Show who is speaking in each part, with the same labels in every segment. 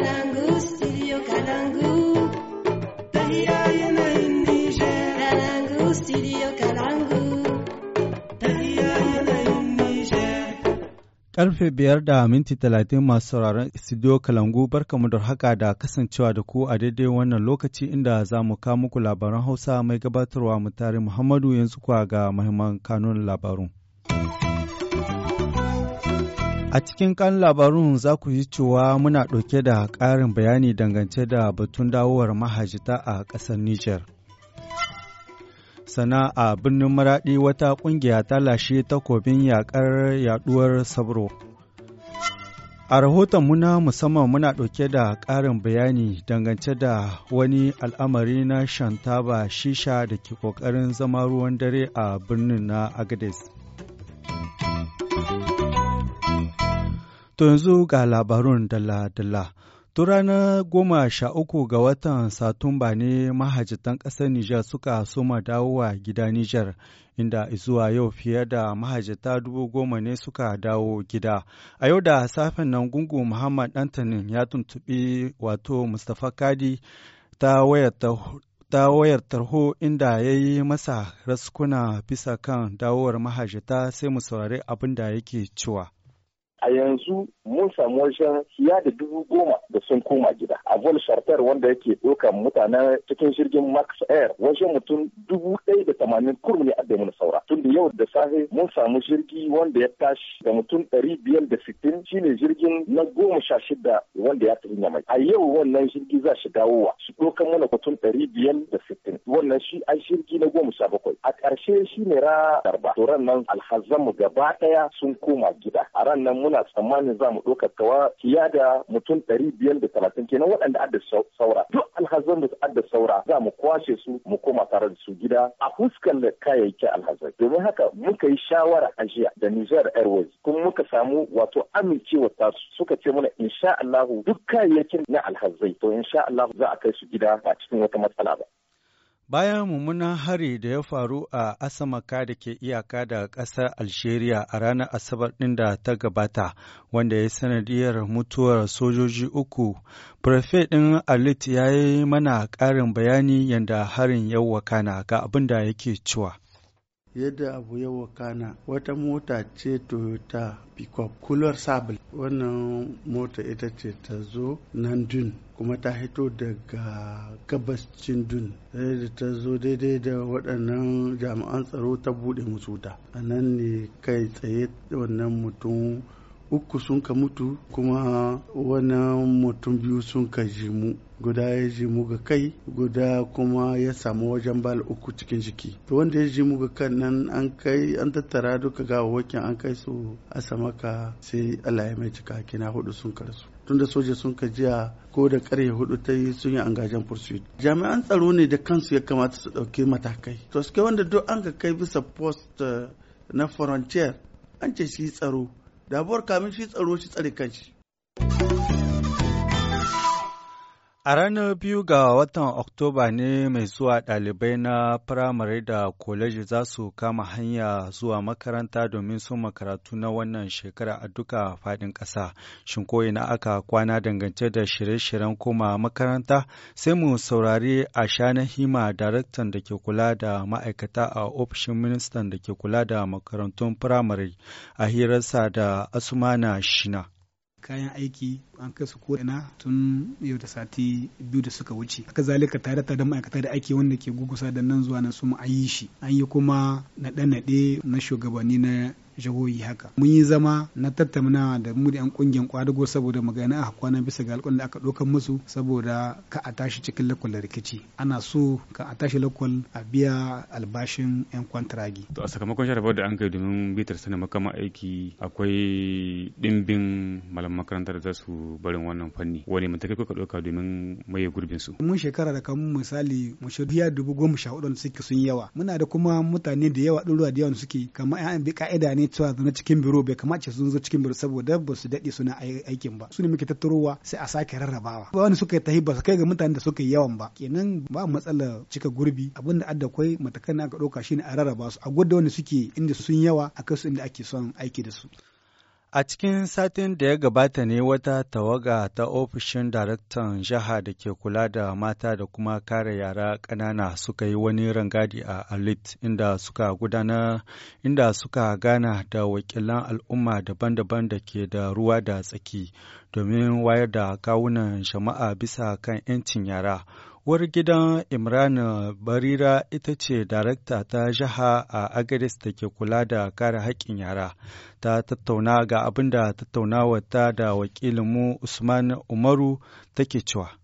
Speaker 1: kalangu studio
Speaker 2: karfe biyar da minti talatin masu sauraron studio kalangu barkamu da haka da kasancewa da ku a daidai wannan lokaci inda za mu kawo muku labaran hausa mai gabatarwa mutare muhammadu yanzu kuwa ga mahimman kanun labarun. A cikin kan labarun za ku yi cewa muna ɗauke da ƙarin bayani dangance da batun dawowar mahajita a ƙasar Nijar. Sana a birnin Maraɗi wata ƙungiya ta lashe takobin yaƙar yaɗuwar sabro. A rahoton muna musamman muna ɗauke da ƙarin bayani dangance da wani al'amari na shantaba shisha da ke ƙoƙarin zama ruwan dare a birnin na Agadez. To yanzu ga labarun dalla-dalla. To ranar goma sha uku ga watan Satumba ne mahajjatan ƙasar Nijar suka soma dawowa gida Nijar, inda zuwa yau fiye da mahajjata dubu goma ne suka dawo gida. A yau da safen nan gungu Muhammad Antanin ya tuntuɓi wato Mustapha Kadi ta wayar ta wayar tarho inda ya yi masa raskuna bisa kan dawowar mahajjata sai mu saurari abin da yake cewa.
Speaker 1: a yanzu mun samu wajen fiya da dubu goma da sun koma gida a vol charter wanda yake ɗaukan mutanen cikin jirgin max air wajen mutum dubu ɗaya da tamanin kurmi ne adda mun saura tun da yau da safe mun samu jirgi wanda ya tashi da mutum ɗari biyar da sittin shine jirgin na goma sha shida wanda ya tafi mai a yau wannan jirgi za shi dawowa shi ɗaukan mana mutum ɗari biyar da sittin wannan shi an jirgi na goma sha bakwai a ƙarshe shine ra darba to ran nan alhazanmu gaba ɗaya sun koma gida a ran nan muna tsammanin za mu ɗaukar kawa fiya da mutum ɗari biyar da talatin kenan waɗanda adda saura duk alhazan da adda saura za mu kwashe su mu koma tare da su gida a fuskan da kayayyaki alhazan domin haka muka yi shawara a jiya da Niger Airways kuma muka samu wato amincewa su suka ce mana insha Allahu duk kayayyakin na alhazai to insha Allahu za a kai su gida ba cikin wata matsala ba.
Speaker 2: Bayan mummunan hari da ya faru a Asamaka da ke iyaka da ƙasar Algeria a ranar Asabar ɗin da ta gabata, wanda ya sanadiyar mutuwar sojoji uku, Prefet ɗin Alit ya yi mana ƙarin bayani yadda harin yawakana wakana ga abin da yake cewa.
Speaker 3: yadda abu ya wakana wata mota ce toyota pickup kular sabul wannan mota ita ce ta zo nan dun kuma ta hito daga gabas cindun eh, da ta zo daidai da waɗannan jami'an tsaro ta buɗe musu wuta a nan ne kai tsaye wannan mutum uku sun ka mutu kuma wannan mutum biyu sun ka jimu guda ya jimu ga kai guda kuma ya samu wajen bala uku cikin jiki to wanda ya jimu ga kan nan an kai an tattara duka gawawakin an kai su asamaka sai allah ya mai cika kina hudu sun karsu tunda soja sun ka jiya ko da karye hudu ta yi sun yi angajen pursuit jami'an tsaro ne da kansu ya kamata su dauki matakai to suke wanda duk an ka kai bisa post eh, na frontier an ce shi tsaro dabuwar kamin shi tsaro shi tsare kanshi
Speaker 2: A ranar biyu ga watan Oktoba ne mai zuwa ɗalibai na firamare da koleji za su kama hanya zuwa makaranta domin sun makaratu na wannan shekara a duka faɗin ƙasa. Shin koyi na aka kwana dangance da shirye-shiryen koma makaranta sai mu saurari a shanar hima daraktan da ke kula da ma'aikata a ofishin ministan da ke kula da makarantun firamare a hirarsa da Asumana Shina.
Speaker 4: kayan aiki an kai su ko ina tun yau da sati biyu da suka wuce haka zalika tare da ma'aikata da ake wanda ke gugusa da nan zuwa na su an yi shi an yi kuma naɗe-naɗe na shugabanni na jihohi haka mun yi zama na tattauna da mu da yan kungiyar kwadago saboda magana a kwana bisa ga alƙalin da aka ɗaukar musu saboda ka a tashi cikin lakwal da rikici ana so ka a tashi lakwal a biya albashin yan kwantaragi
Speaker 5: to a sakamakon sharafar da an kai domin bitar sani makama aiki akwai dimbin malam makarantar da za su barin wannan fanni wani matakai kuka ɗauka domin maye gurbin su
Speaker 4: mun shekara da kamun misali mu biya dubu goma sha hudu suke sun yawa muna da kuma mutane da yawa ɗaruwa da yawa suke kamar 'ya'yan bi ka'ida ne cewa zana cikin biro bai kamace sun zo cikin biro saboda ba su daɗe suna aikin ba su ne muke tattarowa sai a sake rarrabawa ba wani suka tahi ba su kai ga mutanen da suka yi yawan ba kenan ba matsala cika gurbi abin da adda kwai matakan aka ɗauka shine a rarraba su a gudda wani suke inda
Speaker 2: sun yawa a kai su inda ake son aiki da su A cikin satin da ya gabata ne wata tawaga ta ofishin daraktan jiha da ke kula da mata da kuma kare yara ƙanana suka yi wani rangadi a Alit inda suka gudana inda suka gana da wakilan al'umma daban-daban da ke da ruwa da tsaki domin wayar da kawunan jama'a bisa kan 'yancin yara. Uwar gidan Imran Barira ita ce darakta ta jiha a Agadis da ke kula da kare haƙƙin yara. Ta tattauna ga abinda da tattaunawa ta da wakilinmu Usman Umaru take cewa.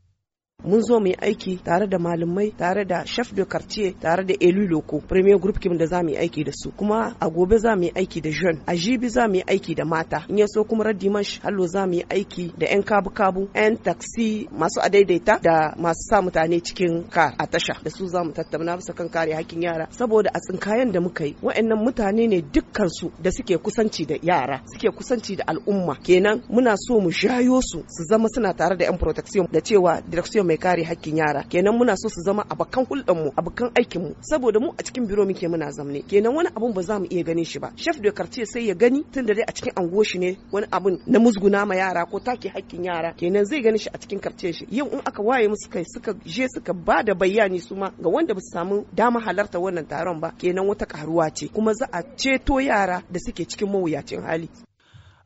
Speaker 6: mun zo mu yi aiki tare da malamai tare da chef de quartier tare da elu loko premier group kim da za mu yi aiki da su kuma a gobe za mu yi aiki da jeune a jibi za mu yi aiki da mata in yaso kuma radimash hallo za mu yi aiki da yan kabu kabu yan taksi masu adaidaita da masu sa mutane cikin ka a tasha da su za mu tattauna bisa kan kare hakkin yara saboda a tsinkayen da muka yi wa'annan mutane ne dukkan su da suke kusanci da yara suke kusanci da al'umma kenan muna so mu shayo su su zama suna tare da yan protection da cewa direction mai kare hakkin yara kenan muna so su zama abakan hulɗar mu abakan aikin mu saboda mu a cikin biro muke muna zamne kenan wani abun ba za mu iya ganin shi ba chef de quartier sai ya gani tun da dai a cikin ango shi ne wani abun na musguna ma yara ko take hakkin yara kenan zai gani shi a cikin karce shi yau in aka waye musu kai suka je suka ba da bayani su ma ga wanda ba su samu dama halarta wannan taron ba kenan wata karuwa ce kuma za a ceto yara da suke cikin mawuyacin hali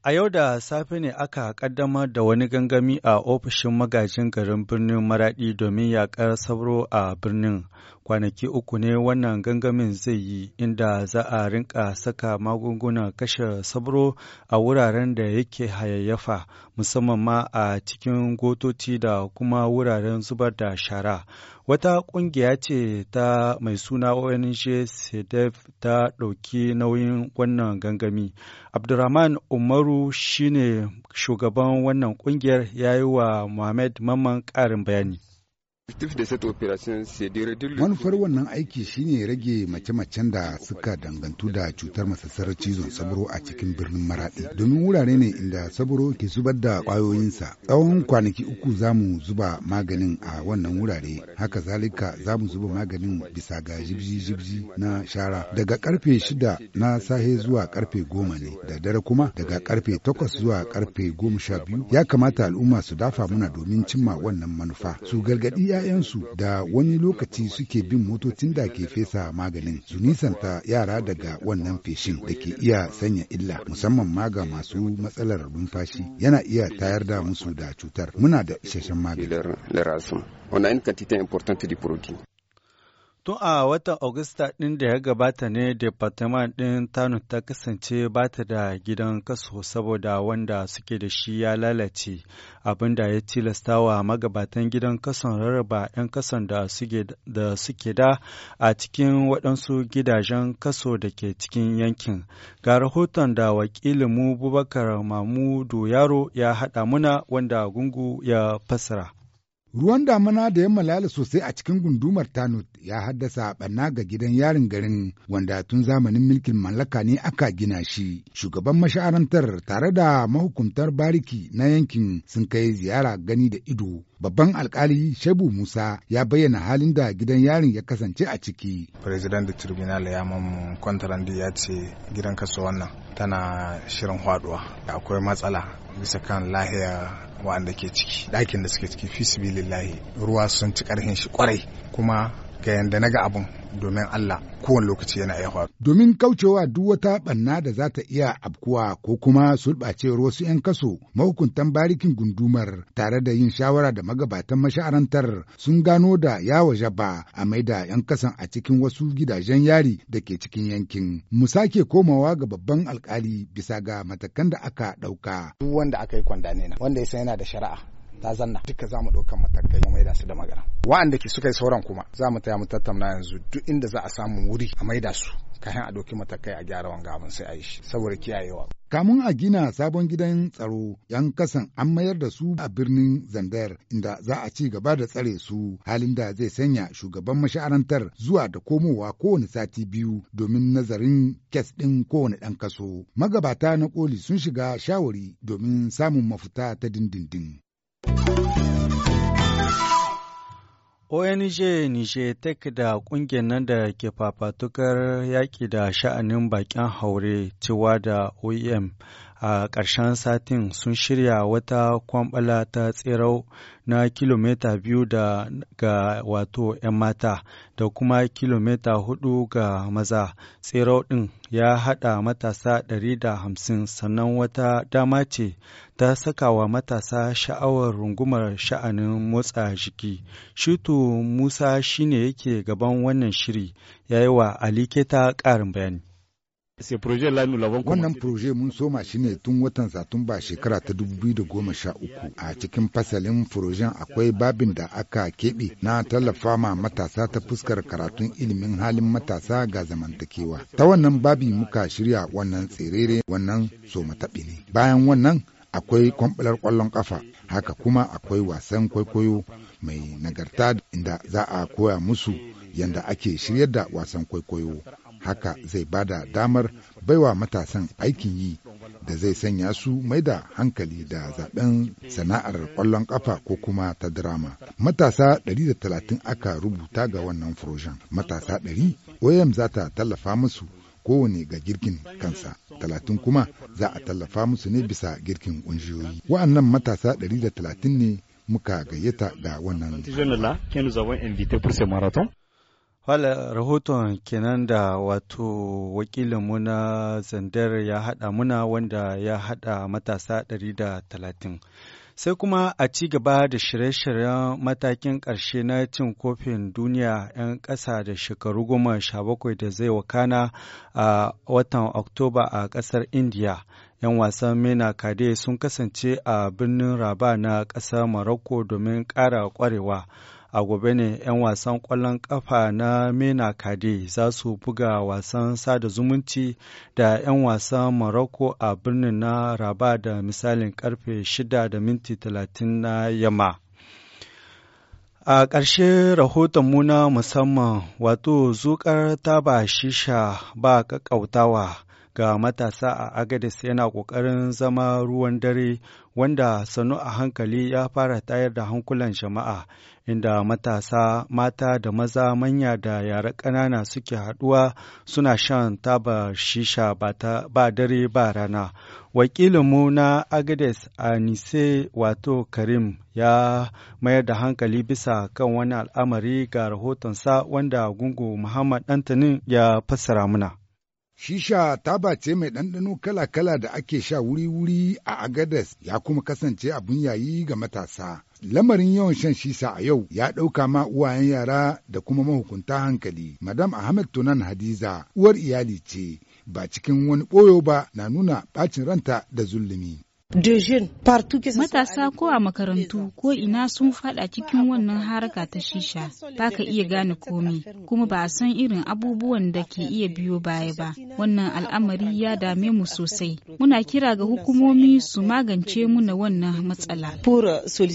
Speaker 2: A yau da safe ne aka kaddamar da wani gangami a ofishin magajin garin birnin Maraɗi domin yaƙar sauro a birnin, kwanaki uku ne wannan gangamin zai yi inda za a rinka saka magungunan kashe sabro a wuraren da yake hayayyafa musamman ma a cikin gotoci da kuma wuraren zubar da shara wata ƙungiya ce ta mai suna ong sedef ta ɗauki nauyin wannan gangami abdurrahman umaru shine shugaban wannan
Speaker 1: ƙungiyar ya yi wa mohamed mamman ƙarin bayani Manufar wannan aiki shine rage mace-macen da suka dangantu da cutar masassarar cizon sabro a cikin birnin Maradi. Domin wurare ne inda sabro ke zubar da kwayoyinsa. Tsawon kwanaki uku za mu zuba maganin a wannan wurare. Haka zalika za mu zuba maganin bisa ga jibji-jibji na shara. Daga karfe shida na sahe zuwa karfe goma ne. Da dare kuma daga karfe takwas zuwa karfe goma sha biyu. Ya kamata al'umma su dafa muna domin cimma wannan manufa. Su ya 'ya'yansu da wani lokaci suke bin motocin da ke fesa maganin su nisanta yara daga wannan feshin da ke iya sanya illa musamman ma ga masu matsalar numfashi yana iya tayar da musu da cutar muna da isasshen magani
Speaker 2: Tun a watan Agusta ɗin da ya gabata ne Departement ɗin Tano ta kasance ba ta da gidan kaso saboda wanda suke da shi ya lalace, abin da ya tilasta wa magabatan gidan kason rarraba 'yan kason da suke da a cikin waɗansu gidajen kaso da ke cikin yankin. Ga rahoton da wakilinmu Bubakar Mamudu Yaro ya haɗa muna wanda gungu ya fasara.
Speaker 1: Ruwan damana da ya malala sosai a cikin gundumar Tanut ya haddasa ɓanna ga gidan yarin garin wanda tun zamanin milkin mallaka ne aka gina shi. Shugaban masha'arantar tare da mahukuntar bariki na yankin sun kai ziyara gani da ido. Babban alkali Shebu Musa ya bayyana halin da gidan yarin ya kasance a ciki. President da tribunal ya mamu kwantarandi ya ce gidan kaso nan tana shirin haɗuwa. Akwai matsala bisa kan lahiya wa'anda ke ciki ɗakin da suke ciki fi ruwa sun ci ƙarhin shi kwarai kuma ga yanda na ga abun domin Allah kowane lokaci yana iya faru. Domin kaucewa duk wata ɓanna da za ta iya abkuwa ko kuma sulɓacewar wasu 'yan kaso mahukuntan barikin gundumar tare da yin shawara da magabatan masha'arantar sun gano da yawa jaba a maida 'yan kasan a cikin wasu gidajen yari da ke cikin yankin. Mu sake komawa ga babban alkali bisa ga matakan da aka ɗauka. Duk wanda aka yi kwandane na wanda ya yana da shari'a ta zanna duka za mu ɗaukan matakai mai maida su da magana wa'anda ke suka yi sauran kuma za mu taya mu tattauna yanzu duk inda za a samu wuri a maida su kayan a ɗauki matakai a gyara wanga abin sai a yi shi saboda kiyayewa. Kamun a gina sabon gidan tsaro, 'yan kasan an mayar da su a birnin Zandar inda za a ci gaba da tsare su halin da zai sanya shugaban masharantar zuwa da komowa kowane sati biyu domin nazarin kes ɗin kowane ɗan kaso. Magabata na koli sun shiga shawari domin samun mafuta ta dindindin.
Speaker 2: ONG Nije Tech da ƙungiyar nan da ke fafatukar yaƙi da sha'anin baƙin haure tiwa da OEM a ƙarshen satin sun shirya wata kwamɓala ta tserau na kilomita biyu ga wato 'yan mata da kuma kilomita hudu ga maza tserau ɗin ya haɗa matasa 150 sannan wata dama ce ta sakawa matasa sha'awar rungumar sha'anin motsa jiki shutu musa
Speaker 1: shine yake gaban wannan shiri ya yi wa aliketa ƙarin bayani
Speaker 5: Wannan
Speaker 1: proje mun soma shi ne tun watan Satumba shekara ta 2013 a cikin fasalin projen akwai babin da aka keɓe na tallafa ma matasa ta fuskar karatun ilimin halin matasa ga zamantakewa. Ta wannan babi muka shirya wannan tserere wannan soma taɓi ne. Bayan wannan akwai kwamfular kwallon kafa haka kuma akwai wasan kwaikwayo mai nagarta inda za a koya musu yadda ake shiryar da wasan kwaikwayo haka zai ba da damar baiwa matasan aikin yi da zai sanya su mai da hankali da zaben sana'ar kwallon kafa ko kuma ta drama. Matasa 130 aka rubuta ga wannan furojen. Matasa 100 OM za ta tallafa musu kowane ga girkin kansa. Talatin kuma za a tallafa musu ne bisa girkin ƙungiyoyi. Wa'annan matasa 130 ne muka gayyata ga wannan.
Speaker 2: Hala rahoton kenan da wato wakilinmu na zandar ya haɗa muna wanda ya haɗa matasa 130. Sai kuma a ci gaba da shirye-shiryen matakin ƙarshe na cin kofin duniya 'yan ƙasa da shekaru goma sha bakwai da zai wakana a watan Oktoba a ƙasar India, 'yan wasan mena kade sun kasance a birnin raba na ƙasar Morocco domin ƙara ƙwarewa. a gobe ne 'yan wasan ƙwallon ƙafa na mena kade za su buga wasan sada zumunci da 'yan wasan morocco a birnin na raba da misalin karfe 6 da minti 30 na yamma A ƙarshe rahoton muna musamman wato zukar taba shisha ba ƙaƙƙautawa ga matasa a Agadis yana ƙoƙarin zama ruwan dare wanda sanu a hankali ya fara tayar da hankulan jama'a inda matasa mata da maza manya da yara ƙanana suke haɗuwa suna shan taba shisha ba dare ba rana wakilinmu na agades a anise wato karim ya mayar da hankali bisa kan wani al'amari ga
Speaker 1: rahotonsa wanda gungu muhammad dantanin ya fassara muna Shisha ta bace mai ɗanɗano kala-kala da ake sha wuri-wuri a agadas ya kuma kasance abin yayi ga matasa. Lamarin yawan shan shisha a yau ya ɗauka ma uwayen yara da kuma mahukunta hankali. Madam Ahmed Tunan Hadiza uwar iyali ce, ba cikin wani ɓoyo ba na nuna ɓacin ranta da zulumi. Matasa
Speaker 4: ko a makarantu ko ina sun fada cikin wannan haraka ta shisha ba ka iya gane komai kuma ba a san irin abubuwan da ke iya biyo baya ba. Wannan al'amari ya dame mu sosai. Muna kira ga hukumomi su magance mu na wannan matsala.
Speaker 6: Euh,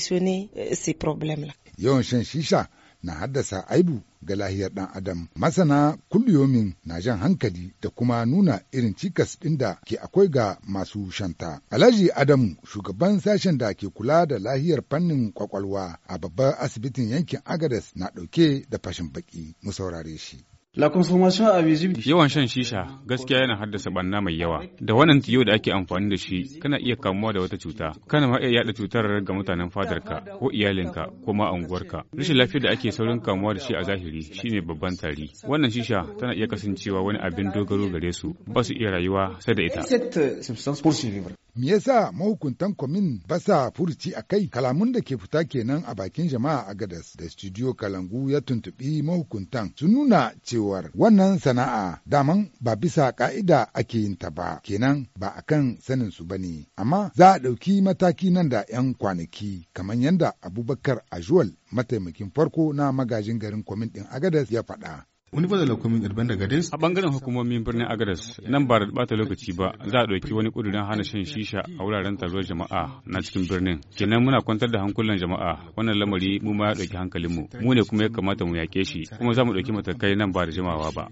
Speaker 6: euh,
Speaker 1: Yawan shan shisha na haddasa aibu ga lahiyar ɗan adam. Masana kulliyomin na jan hankali da kuma nuna irin cikas ɗin da ke akwai ga masu shanta. Alhaji Adamu shugaban sashen da ke kula da lahiyar fannin kwakwalwa a babbar asibitin yankin Agadas na ɗauke da fashin baki
Speaker 5: mu saurare shi. Yawan shan shisha gaskiya yana haddasa banna mai yawa. Da wannan tiyo da ake amfani da shi kana iya kamuwa da wata cuta. Kana ma iya yaɗa cutar ga mutanen fadarka ko iyalinka ko ma unguwarka. Rashin lafiyar da ake saurin kamuwa da shi a zahiri shine babban tari. Wannan shisha tana iya kasancewa wani abin dogaro gare su ba su iya rayuwa sai da ita.
Speaker 1: Me yasa mahukuntan kwamin ba sa furci a kai kalamun da ke fita kenan a bakin jama'a a Gadas da studio Kalangu ya tuntuɓi mahukuntan Su nuna cewar wannan sana'a daman ba bisa ka'ida ake yin ta ba kenan ba a kan sanin su ba ne. amma za a ɗauki mataki nan da 'yan kwanaki kamar yadda Abubakar Ajuwal mataimakin farko na magajin garin kwamin ɗin Agadas ya faɗa.
Speaker 5: A bangaren hukumomin birnin Agadas, nan ba da bata lokaci ba za a ɗauki wani ƙudurin hana shan shisha a wuraren taruwar jama'a na cikin birnin. Kenan muna kwantar da hankulan jama'a wannan lamari mu ma ya ɗauki hankalin Mu mu ne kuma ya kamata mu yaƙe shi, kuma za mu ɗauki matakai nan ba da jimawa ba.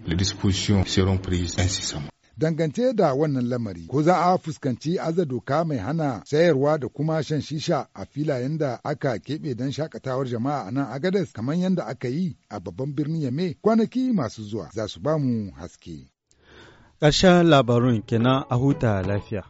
Speaker 1: Dangance da wannan lamari, ko za a fuskanci aza doka mai hana sayarwa da kuma shan shisha a filayen da aka keɓe don shakatawar jama'a a nan agadas kamar yadda aka yi a babban birnin Yame kwanaki masu zuwa za su ba mu haske.
Speaker 2: Ƙarshen labarun kenan a huta lafiya.